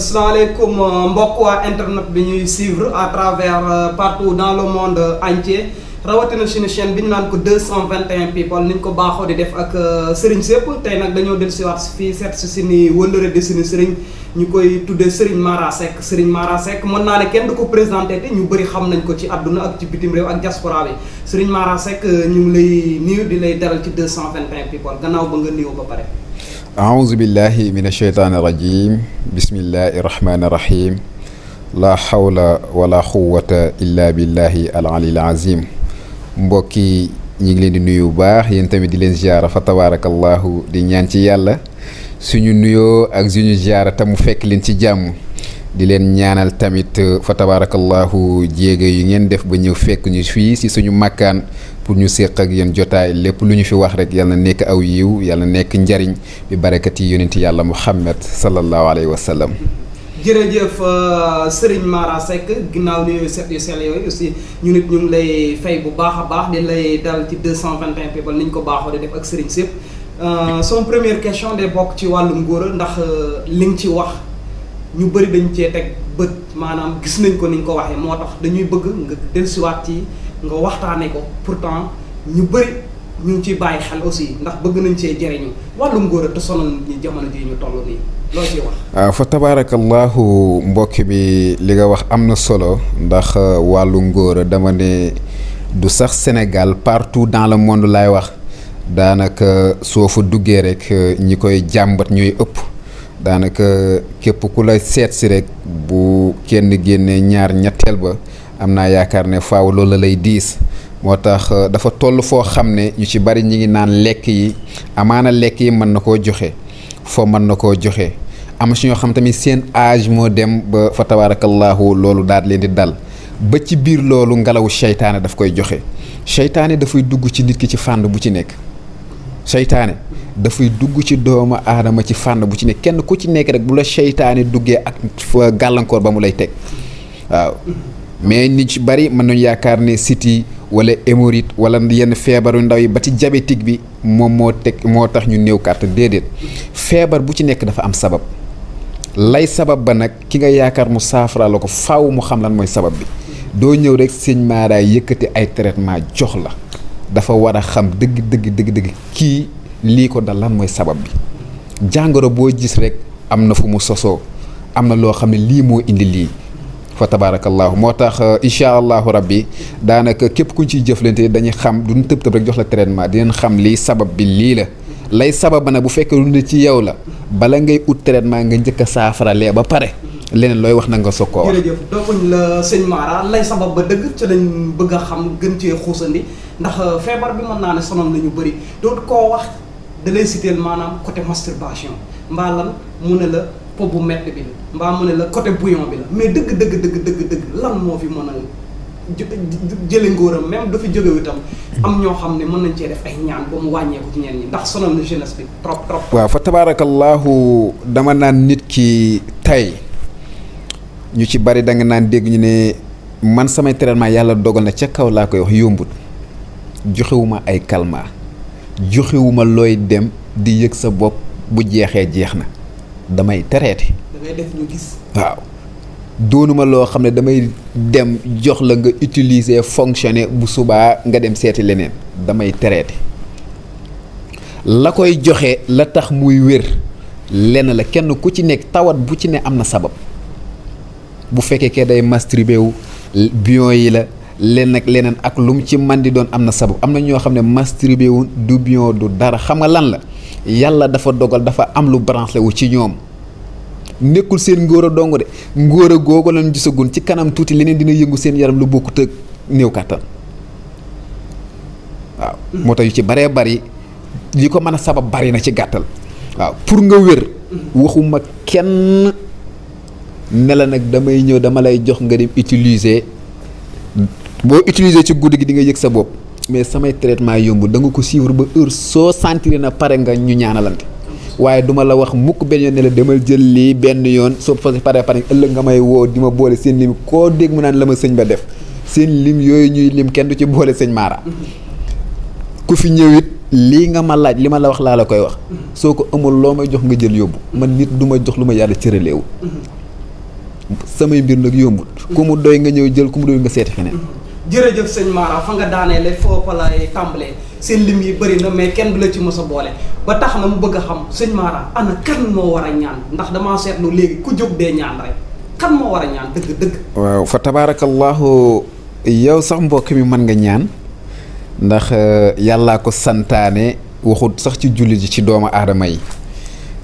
asalaamaaleykum euh, mbokk waa internet bi ñuy suivre à travers euh, partout dans le monde entier rawatina suñu chaîne bi ñu naan ko deux cent 221 people ni ñu ko baaxoo di def ak euh, sëriñ sépp tey nag dañoo def si waat fii seet si suñu wëllëre di suñu sëriñ ñu koy tuddee Serigne Mara Seck Serigne Mara Seck mën naa ne kenn du ko présenté te ñu bëri xam nañ ko ci àdduna ak ci bitim réew ak diaspora bi Serigne Mara Seck ñu ngi lay nuyu di lay dalal ci 221 people gannaaw ba nga nuyoo ba pare. أعوذ بالله من الشيطان الرجيم بسم الله الرحمن الرحيم لا حول ولا قوة إلا بالله العلي العظيم mbokki ñi ngi leen di nuyu bu baax yéen tamit di leen ziara fa tabaarakallahu di ñaan ci yàlla suñu nuyoo ak suñu ziara te mu fekk leen ci jàmm di leen ñaanal tamit fa tabaarakallahu jéego yi ngeen def ba ñëw fekk ñu fii si suñu makkaan pour ñu séq ak yéen jotaay lépp lu ñu fi wax rek yal na nekk aw yiw yal nekk njariñ bi barakati yonent yàlla muhammad sallallahu alayhi wa sallam. jërëjëf euh, Serigne Mara Seck ginnaaw nuyoo ñu nit ñu lay fay bu baax a baax di dal ci people ni ko baaxoo di def ak Serigne Sepp euh, son première question de bokk ci wàllum góor ndax euh, li nga ci wax. ñu bari dañ cee teg bët maanaam gis nañ ko ni ñu ko waxee moo tax dañuy bëgg nga dellusiwaat ci nga waxtaanee ko pourtant ñu bëri ñu ngi ciy bàyyi xel aussi ndax bëgg nañ cee jëriñu wàllum góor a te sonal nii loo ciy wax. waaw ah, fa tabaarakallaahu mbokk bi li nga wax am na solo ndax euh, wàllu ngóor dama ne du sax senegal partout dans le monde laay wax daanaka euh, soo fa duggee rek euh, ñi koy jàmbat ñooy ëpp. daanaka képp ku la seet si rek bu kenn génnee ñaar ñetteel ba am naa yaakaar ne faaw loolu lay diis moo tax euh, dafa toll foo xam ne ñu ci bari ñi ngi naan lekk yi amaana lekk yi mën na koo joxe foo mën na koo joxe am si ñoo xam tamit seen âge moo dem ba fa tabaarakallaahu loolu daal leen di dal ba ci biir loolu ngelawu seytaane daf koy joxe seytaane dafay dugg ci nit ki ci fànn bu ci nekk. seytaane dafay dugg ci doomu aadama ci fànn bu ci ne kenn ku ci nekk rek bu la seytaane duggee ak gàllankoor ba mu lay teg waaw mais nit ci bari mën nañu yaakaar ne siti wala hémorroïde wala yenn feebaru ndaw yi ba ci diabétique bi moom moo teg moo tax ñu néew kàttan déedéet feebar bu ci nekk dafa am sabab lay sabab ba nag ki nga yaakaar mu saafara la ko faw mu xam lan mooy sabab bi doo ñëw rek sëñ maaraay yëkkati ay traitement jox la dafa war a xam dëgg dëgg dëgg dëgg kii lii ko dal lan mooy sabab bi jàngoro boo gis rek am na fu mu sosoo am na loo xam ne lii moo indi lii fa tabaarakallaahu moo tax uh, incha allahu rabbi daanaka képp kuñ ciy jëflante dañuy xam duñ tëb tëb rek jox la traitement dinañ xam lii sabab bi lii la lay sabab nag bu fekkee lu ne ci yow la bala ngay ut traitement nga njëkk a saafara lee ba pare leneen looy wax na nga soog koo wax. ndax euh, feebar bi mën naa ne sonal na ñu bëri dootu koo wax da lay maanaam côté masturbation mbaa lan mu ne la po bu mett bi la mbaa mu ne la côté bouillon bi la mais dëgg dëgg dëgg dëgg lan moo fi mën a jële ngóoram même dafa jógewu itam am ñoo xam ne mën nañ cee def ay ñaan ba mu wàññeeku ci ñenn ñi ndax sonal na jeunesse bi trop trop waaw fa tabaarakallaahu dama naan nit ki tey ñu ci bari da nga naan dégg ñu ne man samay traitement yàlla dogal na ca kaw laa koy wax yombut joxewuma ay calmants joxewuma looy dem di yëg sa bopp bu jeexee jeex na damay tereeti waaw doonuma loo xam ne damay dem jox la nga utiliser fonctionner bu subaa nga dem seeti leneen damay tereeti la koy joxe la tax muy wér lenn la kenn ku ci nekk tawat bu ci ne am na sabab bu fekkee kee day masturbé wu bion yi la leen nag leneen ak lu mu ci man di doon am na sabab am na ñoo xam ne masturbé wu du bio du dara xam nga lan la yàlla dafa dogal dafa am lu branché wu ci ñoom nekkul seen ngóor a dong de ngóor a googu lañ gisagun ci kanam tuuti leneen dina yëngu seen yaram lu bokkut ak néew kàttan waaw moo tax yu ci baree bari li ko mën a sabab bari na ci gàttal waaw pour nga wér waxuma kenn ne nag damay ñëw dama lay jox nga dem utiliser boo utiliser ci guddi gi di nga yëg sa bopp mais samay traitement yomb da ko suivre ba heure soo sentir na pare nga ñu ñaanalante waaye duma la wax mukk benn yoon ne la demal jël lii benn yoon soo fas pare pare ëllëg nga may woo di ma boole seen lim koo dégg mu naan la ma sëñ ba def seen lim yooyu ñuy lim kenn du ci boole sëñ Mara ku fi ñëw it lii nga ma laaj li ma la wax laa la koy wax soo ko amul loo may jox nga jël yóbbu man nit du jox lu ma yàlla cëraleewu samay mbir nag yombul mu doy nga ñëw jël ku mu nga seeti feneen jërëjëf sëñ Mara fa nga daaneele foofa lay tàmbalee seen lim yi bëri na mais kenn du la ci mës a boole ba tax na mu bëgg a xam sëñ Mara ana kan moo war a ñaan ndax damaa seetlu léegi ku jóg dee ñaan rek kan moo war a ñaan dëgg-dëgg. waaw fa tabaarakallaahu yow sax mbokk mi mën nga ñaan ndax euh, yàllaa ko santaane waxut sax ci jullit yi ci doomu aadama yi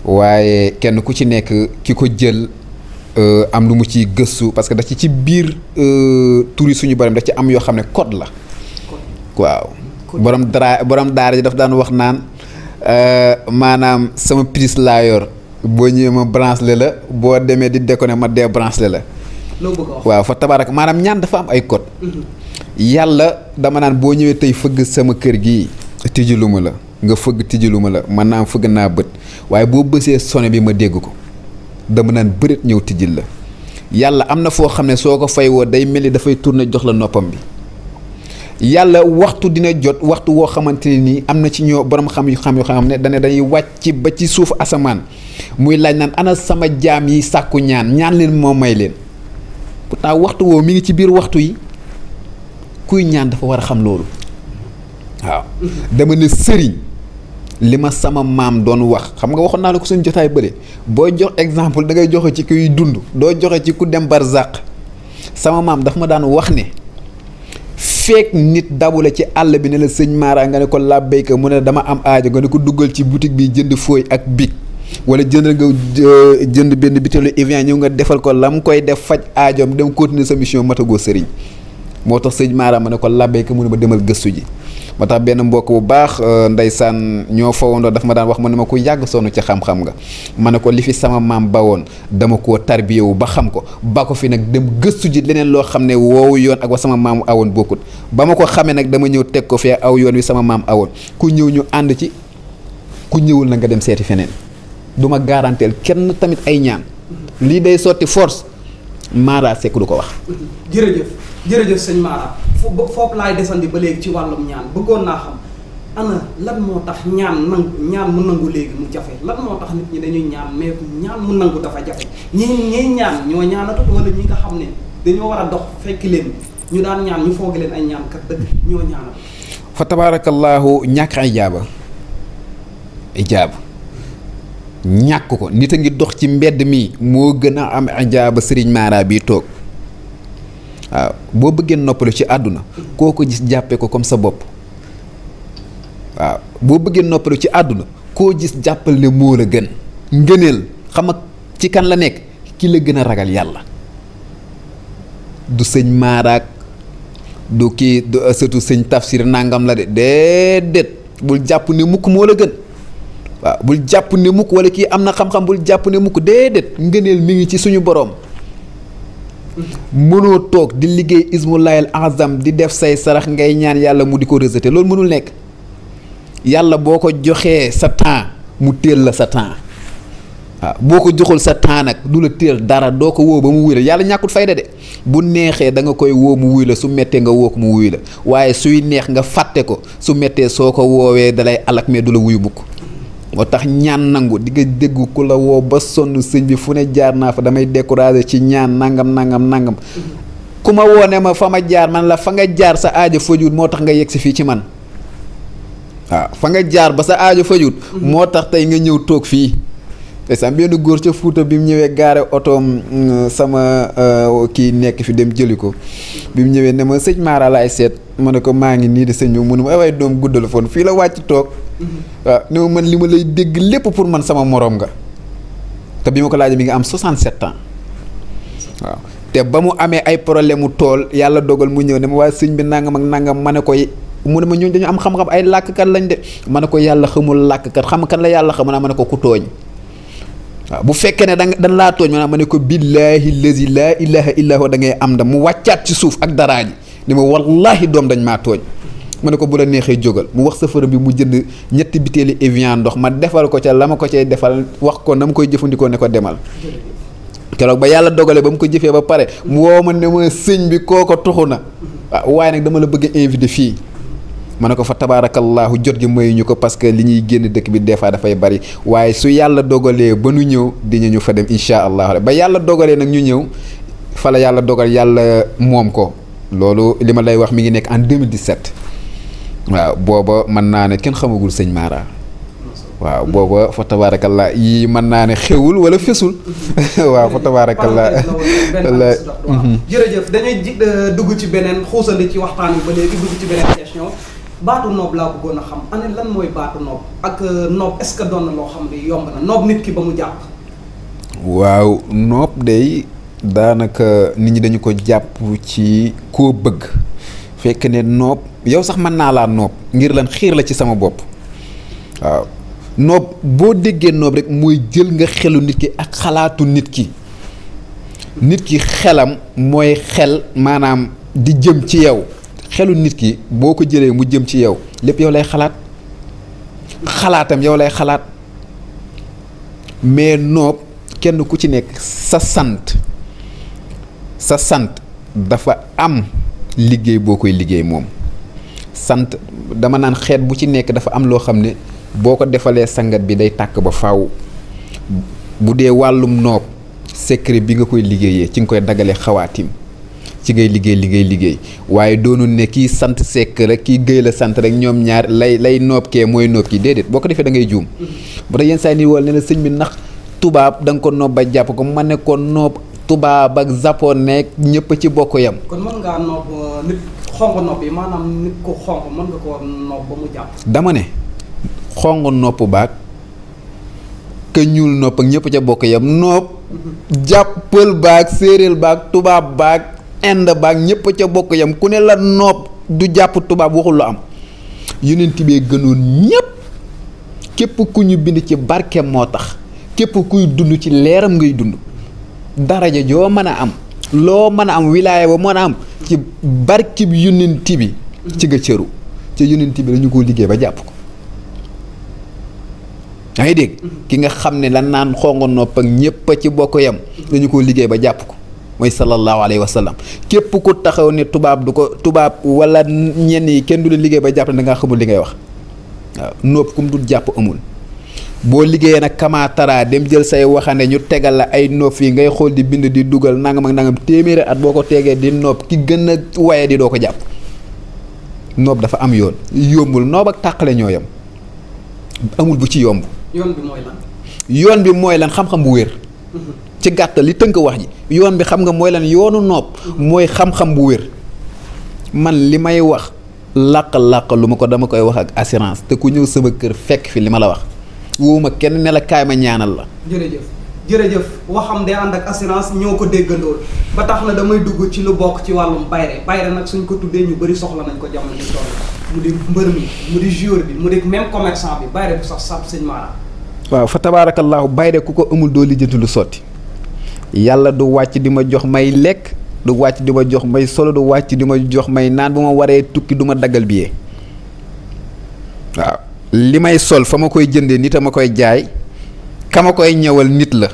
waaye kenn ku ci nekk ki ko jël. am lu mu ci gëstu parce que da ci ci biir euh, tur yi suñu borom da ci am yoo xam ne code la waaw borom dara borom daara ji daf daan wax naan euh, maanaam sama prise laa yor boo ñëwee ma branché la boo demee di ne ma débranché la waaw fa tabarak maanaam ñaan dafa am ay code mm-hmm. yàlla dama naan boo ñëwee tey fëgg sama kër gi tijji la nga fëgg tijji lu ma la man naa fëgg naa bët waaye boo bësee sone bi ma dégg ko dama naan bërit ñëw tijjil la yàlla am na foo xam ne soo ko fay woo day mel ni dafay tourné jox la noppam bi yàlla waxtu dina jot waxtu woo xamante ne nii am na ci ñoo borom xam yu xam yoo xam ne dane dañuy wàcc ba ci suuf asamaan muy laaj naan ana sama jaam yi sàkku ñaan ñaan leen moo may leen pourtant waxtu woo mi ngi ci biir waxtu yi kuy ñaan dafa war a xam loolu waaw dama ne sëriñ li ma sama maam doon wax xam nga waxoon naa la ko suñu jotaay bële boo jox exemple da ngay joxe ci kuy dund doo joxe ci ku dem barzaq sama maam daf ma daan wax ne feek nit dabu la ci àll bi ne la sëñ Mara nga ne ko làbbayka mu ne dama am aajo nga ne ko duggal ci boutique bi jënd fooy ak bic wala jëndal nga euh, jënd benn butéelu Evian ñëw nga defal ko la mu koy def faj aajoom dem continuer sa mission matagoo sëriñ moo tax sëñ Mara ma ne ko labbay ko mu ne ma demal gëstu ji moo tax benn mbokk bu baax euh, ndeysaan ñoo fawandoo daf ma daan wax ma ne ma ko yàgg sonn ci xam-xam nga ma ne ko li fi sama maam ba woon dama koo tarbiye wu ba xam ko ba ko fi nag dem gëstu ji leneen loo xam ne woowu yoon ak wa sama maam awoon bokkut ba ma ko xamee nag dama ñëw teg ko fee aw yoon wi sama maam awoon ku ñëw ñu ànd ci ku ñëwul na nga dem seeti feneen du ma garanteel kenn tamit ay ñaan lii day sotti force Mara Seck ko wax jërëjëf sëñ Mara fo foofu laay desandi ba léegi ci wàllum ñaan bëggoon naa xam ana lan moo tax ñaan nangu ñaan mu nangu léegi mu jafe lan moo tax nit ñi dañuy ñaan mais ñaan mu nangu dafa jafe ñi ñiy ñaan ñoo ñaanatut wala ñi nga xam ne dañoo war a dox fekk leen ñu daan ñaan ñu foog leen ay ñaan kat dëgg ñoo ñaanatut. fa tabaarakallaahu ñàkk ay jaaba ijaaba ñàkk ko nit a ngi dox ci mbedd mi moo gën a am ijaaba sëriñ Mara bi toog. waaw boo bëggee noppalu ci àdduna koo ko gis jàppee ko comme sa bopp waaw boo bëggee noppalu ci àdduna koo gis jàppal ne moo la gën ngëneel xam ak ci kan la nekk ki la gën a ragal yàlla du sëñ maaraak du kii du euh, surtout sëñ tafsir nangam la de déedéet bul jàpp ne mukk moo la gën waaw bul jàpp ne mukk wala kii am na xam-xam bul jàpp ne mukk déedéet ngëneel mi ngi ci suñu boroom mënoo toog di liggéey ismu layel azam di def say sarax ngay ñaan yàlla mu di ko rejeté loolu mënul nekk yàlla boo ko joxee sa temps mu téel la sa temps waaw boo ko joxul sa temps nag du la téel dara doo ko woo ba mu wuy la yàlla ñàkkul fayda de bu neexee danga koy woo mu wuy la su mettee nga woo ko mu wuy la waaye suy neex nga fàtte ko su mettee soo ko woowee dalay alak mais du la wuyu bukk moo tax ñaan nangu di nga dégg ku la woo ba sonn sëñ bi fu ne jaar naa fa damay découragé ci ñaan nangam nangam nangam ku ma woone ma fa ma jaar man la fa nga jaar sa aajo fajut moo tax nga yegg si fii ci man fa nga jaar ba sa aajo fajut moo tax tey nga ñëw toog fii ndeysaan benn góor ca Fuuta bi mu ñëwee gaare otoom mm, sama euh, kii nekk fi dem jëli ko bi mu ñëwee ne ma sëñ Mara laay seet ma ne ko maa ngi nii de sëñ bi mu ne ma ay doom guddalu foon fii la wàcc toog waaw ni ma man li ma lay dégg lépp pour man sama moroom nga te bi ma ko laajee mi ngi am 67 ans waaw te ba mu amee ay problème mu tool yàlla dogal mu ñëw ne ma waaye sëñ bi nangam ak nangam ma ne koy mu ne ma ñun dañu am xam-xam ay làkkat lañ de ma ne ko yàlla xamul làkkat xam kan la yàlla xam naa ma ne ko ku tooñ waaw bu fekkee ne danga dan laa tooñ maanaam ma ne ko billaahi lazi laa ilaha illa da ngay am da mu wàccaat ci suuf ak daraaji ni ma wallaahi doom dañ maa tooñ ma ne ko bu la neexee jógal mu wax safara bi mu jënd ñetti bitéeli Evian ndox ma defal ko ca la ma ko cay defal wax ko na ma koy jëfandikoo ne ko demal keroog ba yàlla dogalee ba mu ko jëfee ba pare woo ma ne ma sëñ bi kooko tuxu na ah waaye dama la bëgg a fii ma ne ko fa tabaarakallaahu jot gi mayuñu ko parce que li ñuy génn dëkk bi des fois dafay bari waaye su yàlla dogalee ba nu ñëw dina ñu fa dem incha allah ba yàlla dogalee nag ñu ñëw fa la yàlla dogal yàlla moom ko loolu li ma lay wax mi ngi nekk en 2017. waaw booba mën naa ne kenn xamagul sëñ Mara. waaw booba fa tabaarakallaa yii mën naa ne xewul wala fesul. waaw fa tabaarakallaa la mhm. jërëjëf dañuy eh, ci waxtaan bi ba léegi dugg baatu noob laa bëggoon xam ana lan mooy baatu noob ak eh, noob est-ce loo xam ne yomb na noob nit ki ba mu jàpp. waaw noob day daanaka nit ñi dañu ko jàpp ci koo bëgg fekk ne noob. yow sax mën naa laa noob ngir lan xiir la ci sama bopp waaw noob boo déggee noob rek muy jël nga xelu nit ki ak xalaatu nit ki nit ki xelam mooy xel maanaam di jëm ci yow xelu nit ki boo ko jëlee mu jëm ci yow lépp yow lay xalaat xalaatam yow lay xalaat mais noob kenn ku ci nekk sa sant sa sant dafa am liggéey boo koy liggéey moom sant dama naan xeet bu ci nekk dafa am loo xam ne boo ko defalee sangat bi day tàkk ba faw bu dee wàllum noob secret bi nga koy liggéeyee ci nga koy dagalee xawaatim ci ngay liggéey liggéey liggéey waaye doonu ne kii sant sekk rek kii géy la sant rek ñoom ñaar lay lay noob kee mooy noob ki déedéet boo ko defee da ngay juum mm-hmm. ba tax yenn saa yi nii wal ne la sëñ bi nax tubaab da ko noob ba jàpp ko ma ne ko noob tubaab ak japonais ñëpp ci bokk yam xong nopp yi maanaam nit ku xong mën nga ko nopp ba mu jàpp. dama ne xong nopp baag ka ñuul nopp ak ñëpp ca bokk yam nopp mhm. jàppal baag séeréel baag tubaab baag ind baag ñëpp ca bokk yam ku ne la nopp du jàpp tubaab waxul lu am yonent bee gënoon ñëpp képp ku ñu bind ci barkeem moo tax képp kuy dund ci leeram ngay dund daraja joo mën a am. loo mën a am wilaaya ba mën a am ci barkib yonent bi ci nga cëru ci yonent bi dañu ko liggéey ba jàpp ko yaa ngi dégg ki nga xam ne lan naan xongo nopp ak ñépp a ci bokk yam dañu ko liggéey ba jàpp ko mooy sallallahu alayhi wa sallam képp ku taxaw ne tubaab du ko tubaab wala ñenn yi kenn du la liggéey ba jàpp ni da ngaa xamul li ngay wax waaw nopp kum dul jàpp amul boo liggéeyee nag kamaatara dem jël say waxande ñu tegal la ay nopp yi ngay xool di bind di dugal nangam ak nangam téeméeri at boo ko tegee di nopp ki gën a waye di doo ko jàpp noob dafa am yoon yombul noob ak tàqale ñoo yam amul bu ci yomb. yoon bi mooy lan. yoon xam-xam bu wér. Mhm. ci gàttal li tënk wax ji yoon bi xam nga mooy lan yoonu nopp mhm. mooy xam-xam bu wér. man li may wax làq-làq lu ma ko dama koy wax ak assurance te ku ñëw sama kër fekk fii li ma la wax. wóoma kenn ne kaay ma ñaanal la. jërëjëf jërëjëf waxam day ànd ak assurance ñoo ko déggandool ba tax na damay dugg ci lu bokk ci wàllum bayre bayre nag suñ ko tuddee ñu bëri soxla nañ ko jamono ji mu di mbër mi mu di joueur bi mu di même commerçant bi bayre bu sax sab sëñ maanaam. waaw fa tabaarakallaahu bayre ku ko amul doo lijjanti lu sotti yàlla du wàcc di ma jox may lekk du wàcc di ma jox may solo du wàcc di ma jox may naan bu ma waree tukki du ma daggal billet li may sol fa ma koy jëndee nit a ma koy jaay ka ma koy ñëwal nit la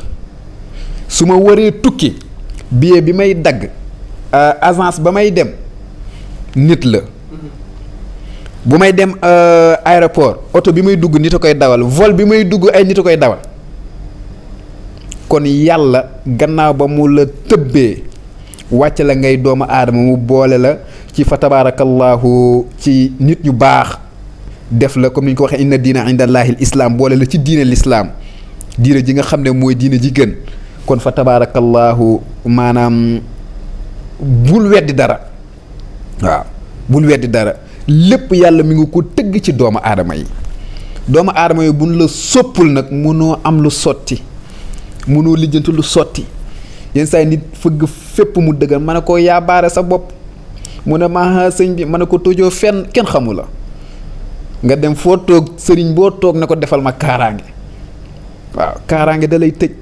su ma waree tukki billet bi may dagg euh, agence ba may dem nit la bu may dem euh, aéroport oto bi may dugg nit a koy dawal vol bi may dugg ay nit a koy dawal kon yàlla gannaaw ba mu la tëbbee wàcc la ngay doomu aadama mu boole la ci fa tabaarakallaahu ci nit ñu baax def la comme ni ñu ko waxee inna diina inda allahi islam boole la ci diine l'islam diine ji nga xam ne mooy diine ji gën kon fa tabaarakallaahu maanaam bul weddi dara waaw bul weddi dara lépp yàlla mu ngi ko tëgg ci doomu aadama yi doomu aadama yi buñ la soppul nag mënoo am lu sotti mënoo lijjanti lu sotti yenn saa nit fëgg fépp mu dëggal mën a ko yaabaare sa bopp mu ne maa sëñ bi mën a ko tojoo fenn kenn xamu la nga dem foo toog sëriñ boo toog ne ko defal ma kaaraange waaw kaaraange da lay tëj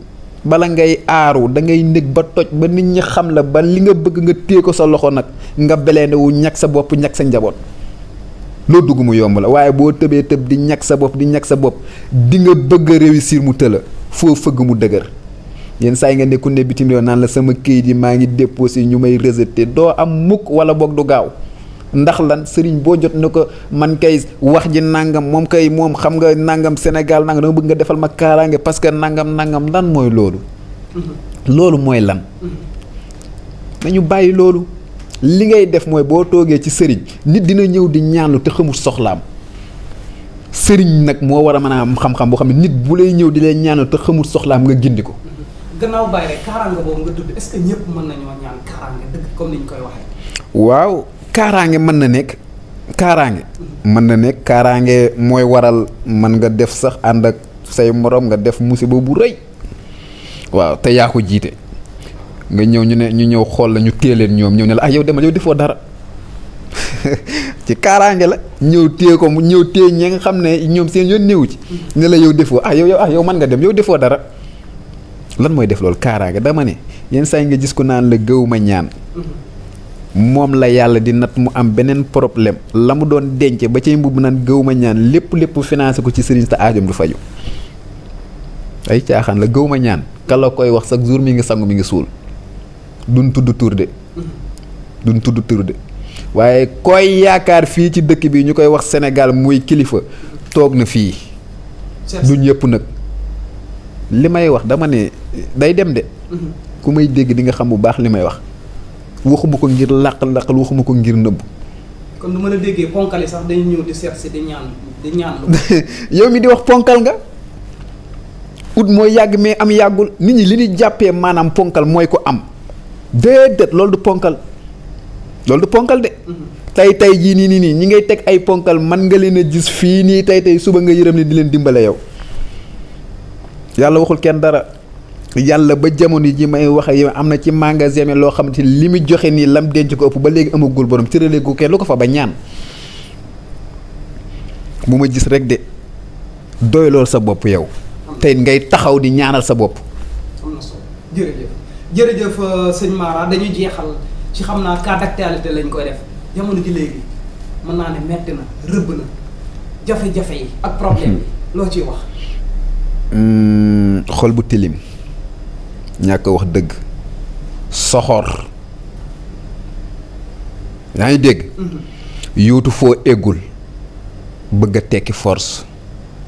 bala ngay aaru da ngay nekk ba toj ba nit ñi xam la ba li nga bëgg nga téye ko sa loxo nag nga beleene wu ñag sa bopp ñag sa njaboot loo dugg mu yomb la waaye boo tëbee tëb di ñag sa bopp di ñag sa bopp di nga bëgg a réussir mu tëla foo fëgg mu dëgër yenn saa yi nga nekku ne bitim réew naan la sama këyit yi maa ngi déposé ñu may rejeté doo am mukk wala boog du gaaw ndax lan sëriñ boo jot na ko man kay wax ji nangam moom kay moom xam nga nangam Sénégal nangam dama bëgg nga defal ma kaaraange parce que nangam nangam lan mooy loolu. Mm-hmm. loolu mooy lan. dañu mm-hmm. bàyyi loolu. li ngay def mooy boo toogee ci sëriñ nit dina ñëw di ñaanlu te xamul soxlaam sëriñ nag moo war a mën a am xam-xam boo xam ne nit bu lay ñëw di leen ñaanlu te xamul soxlaam nga gindi ko. Mm-hmm. gannaaw bàyyi rek waaw. kaaraange mën na nekk kaaraange mën na nekk kaaraange mooy waral mën nga def sax ànd ak say morom nga def musiba bu rëy waaw te yaa ko jiite nga ñëw ñu ne ñu ñëw xool la ñu téye leen ñoom ñëw ne la ah yow demal yow defoo dara ci kaaraange la ñëw téye ko mu ñëw téye ñi nga xam ne ñoom seen yoon néew ci ne la yow defoo ah yow yow ah yow mën nga dem yow defoo dara lan mooy def loolu kaaraange dama ne yenn saa yi nga gis ko naan la gëw ma ñaan mm-hmm. moom la yàlla di nat mu am beneen problème la mu doon denc ba cay mbubb naan gëwma ñaan lépp lépp financé ko ci sëriñ te aajom du faju ay caaxaan la gëwma ñaan kala koy wax chaque jour mi ngi sangu mi ngi suul duñ tudd tur de duñ tudd tur de waaye koy yaakaar fii ci dëkk bi ñu koy wax Sénégal muy kilifa toog na fii du yëpp nag li may wax dama ne day dem de mm-hmm. ku may dégg di nga xam bu baax li may wax waxuma ko ngir làqal-làqal waxuma ko ngir nëbb kon du ma la déggee ponkal yi sax dañu ñëw di seet si di yow mi di wax ponkal nga ut mooy yàgg mais am yàggul nit ñi li ñuy jàppee maanaam ponkal mooy ko am déedéet lool du ponkal loolu du ponkal de mm-hmm. tey tey jii nii nii nii ñi ngay teg ay ponkal man nga leen a gis fii nii tey tey suba nga yërëm li di leen dimbale yow yàlla waxul kenn dara yàlla ba jamono ji may wax am na ci magasin mi loo xamante ni li mu joxe nii lam denc ko ëpp ba léegi amagul borom tëralee ko kenn lu ko fa ba ñaan bu ma gis rek de doy sa bopp yow te ngay taxaw di ñaanal sa bopp. am na solo jërëjëf jërëjëf euh, sëñ jeexal ci xam naa cas d'actualité lañ koy def jamono ji léegi mën naa ne metti na rëbb na jafe-jafe yi ak problème yi hmm. loo ciy wax. Hmm, xol bu tilim. ñàkk wax dëgg soxor yaa ngi dégg mm-hmm. yuutu foo eggul bëgg a tekki force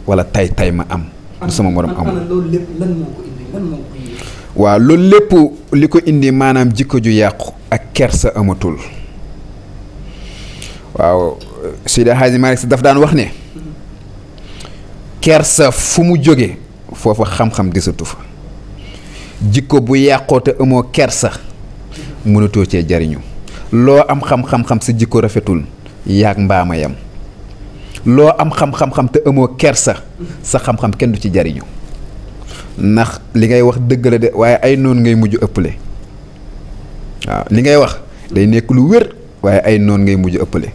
wala tay tay ma am lu sama moroom amul loolu lépp waaw loolu lépp li ko indi maanaam jikko ju yàqu ak kersa amatul waaw Seydi Hadji Malick Sy daf daan wax ne mm-hmm. kersa fu mu jóge foofa xam-xam desatu fa jikko bu yàqoo te amoo ker kersa mënatoo cee jariñu loo am xam-xam-xam sa jikko rafetul yaag mbaamayam loo am xam-xam-xam te amoo kersa sa xam-xam kenn du ci jariñu ndax li ngay wax dëgg la de waaye ay noon ngay mujj ëpple waaw li ngay wax day nekk lu wér waaye ay noon ngay mujj ëpple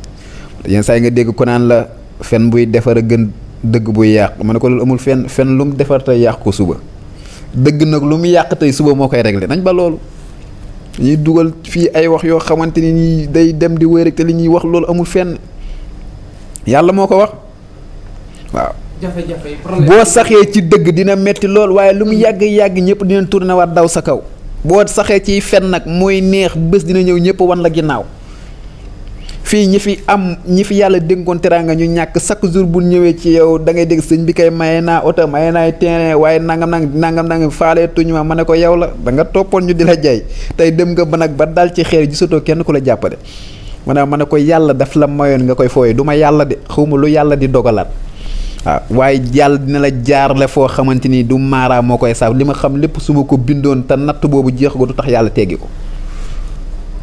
yenn saa yi nga dégg ko naan la fen buy defar a gën dëgg bu yàq ma ne ko loolu amul fen fen lu mu defar yàq ko suba dëgg nag lu mu yàq tey suba moo koy réglé nañ ba loolu ñuy dugal fii ay wax yoo xamante ni nii day dem di wéy rek te li ñuy wax loolu amul fenn yàlla moo ko wax waaw. jafe-jafe yi boo saxee ci dëgg dina metti lool waaye lu mu mm. yàgg yàgg ñëpp dinañ tourné waat daw sa kaw. boo saxee ciy fenn nag mooy neex bés dina ñëw ñëpp wan la ginnaaw. fii ñi fi am ñi fi yàlla dénkoon teraanga ñu ñàkk chaque jour bu ñëwee ci yow da ngay dégg sëñ bi kay maye naa oto maye naa terrain waaye nangam nang nangam nang faale tuñu ma ma ne ko yow la da nga toppoon ñu di la jaay tey dem nga ba nag ba daal ci xeer soto kenn ku la jàppale ma ne ma ne ko yàlla daf la mayoon nga koy fooyee du ma yàlla de xawma lu yàlla di dogalaat waaw ah, waaye yàlla dina la jaarale foo xamante ni du maaraam moo koy saaf li ma xam lépp su ma ko bindoon te natt boobu jeex ko du tax yàlla teggi ko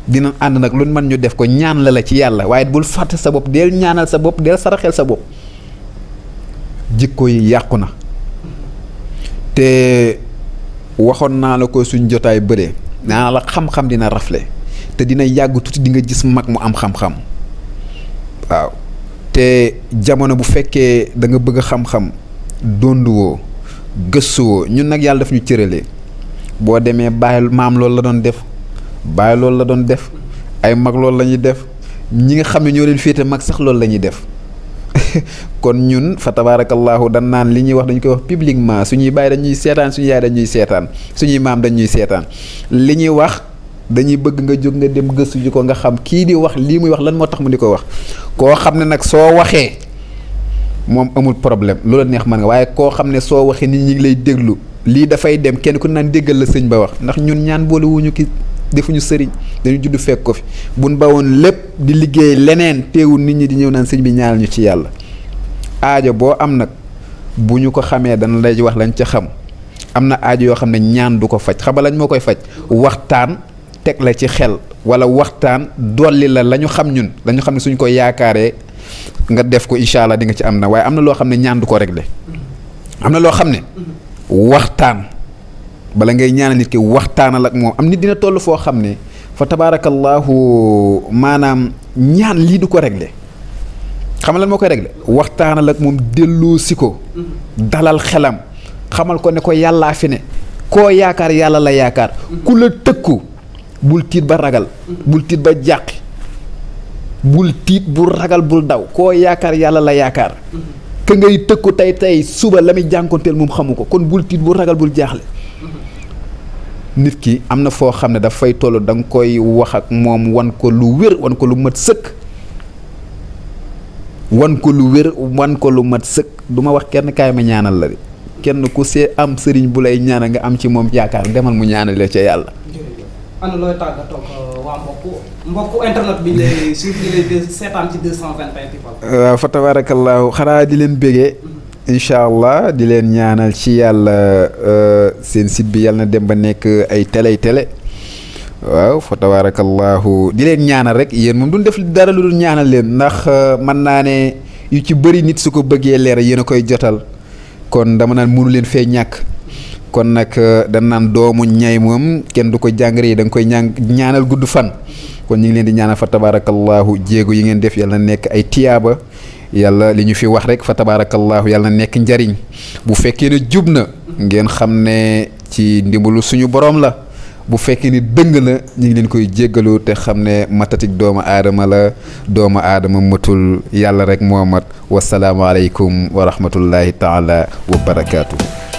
dina ànd nag lu mën ñu def ko ñaan la la ci yàlla waaye bul fàtte sa bopp del ñaanal sa bopp del saraxel sa bopp jikko yi yàqu na te waxoon naa la ko suñ jotaay bëree naa la xam-xam dina rafle te dina yàgg tuuti di nga gis mag mu am xam-xam waaw te jamono bu fekkee da nga bëgg a xam-xam donduwoo gëstuwoo ñun nag yàlla daf ñu cëralee boo demee bàyyi maam loolu la doon def bàyyi loolu la doon def ay mag loolu la ñuy def ñi nga xam ne ñoo leen féete mag sax loolu la ñuy def kon ñun fa tabaarakallaahu dan naan li ñuy wax dañ koy wax publiquement suñuy bàyyi dañuy seetaan suñuy yaay dañuy seetaan suñuy maam dañuy seetaan li ñuy wax dañuy bëgg nga jóg nga dem gëstu ji ko nga xam kii di wax lii muy wax lan moo tax mu di ko wax koo xam ne nag soo waxee moom amul lu la neex man nga waaye koo xam ne soo waxee nit ñi lay déglu lii dafay dem kenn ku naan déggal sëñ ba wax ndax ñun ñaan boole ki ñu sëriñ dañu judd fekk ko fi buñ bawoon lépp di liggéey leneen teewul nit ñi di ñëw naan sëñ bi ñaanal ñu ci yàlla aajo boo am nag bu ñu ko xamee dana lay wax lañ ci xam am na aajo yoo xam ne ñaan du ko faj xaba lañ moo koy faj waxtaan teg la ci xel wala waxtaan dolli la la ñu xam ñun dañu xam ne suñ koy yaakaaree nga def ko incha allah di nga ci am na waaye am na loo xam ne ñaan du ko réglé am na loo xam ne mm-hmm. waxtaan bala ngay ñaanal nit ki waxtaanal ak moom am nit dina toll foo xam ne fa tabaarakallaahu maanaam ñaan lii du ko regle xam lan moo koy régler waxtaanal ak moom delloo si ko mm-hmm. dalal xelam xamal ko ne ko yàllaa fi ne koo yaakaar yàlla la yaakaar mm-hmm. ku la tëkku bul tiit ba ragal mm-hmm. bul tiit ba jàqi bul tiit bul ragal bul daw koo yaakaar yàlla la yaakaar ka ngay tëkku tey tey suba la muy jànkonteel moom xamu ko kon bul tiit bul ragal bul jaaxle nit ki am na foo xam ne dafay toll da koy wax ak moom wan ko lu wér wan ko lu mat sëkk wan ko lu wér wan ko lu mat sëkk du ma wax kenn kaay ma ñaanal la de kenn ku see am sëriñ bu lay ñaanal nga am ci moom yaakaar demal mu ñaanalee ca yàlla. ana uh, waa uh, fa tabaarakallaahu xanaa di leen bégee. Mm-hmm. incha allah di leen ñaanal ci yàlla euh, seen site bi yàlla na dem ba nekk ay télé télé waaw fa tabaarakallahu di leen ñaanal rek yéen moom duñ def dara lu dul ñaanal leen ndax euh, mën naa ne yu ci bëri nit su ko bëggee leer yéen a koy jotal kon dama naan mënu leen fee ñàkk kon nag euh, dañ naan doomu ñay moom kenn du ko jàngare yi da koy koy ñaanal gudd fan kon ñu ngi leen di ñaanal fa tabaarakallahu jéego yi ngeen def yàlla na nekk ay tiyaaba. yàlla li ñu fi wax rek fa tabaarakallaahu yàlla na nekk njariñ bu fekkee ne jub na ngeen xam ne ci ndimbalu suñu borom la bu fekkee ni dëng na ñu ngi leen koy jéggalu te xam ne matatik doomu aadama la doomu aadama matul yàlla rek moo mat wasalaamualeykum wa rahmatullahi taala wa barakaatu.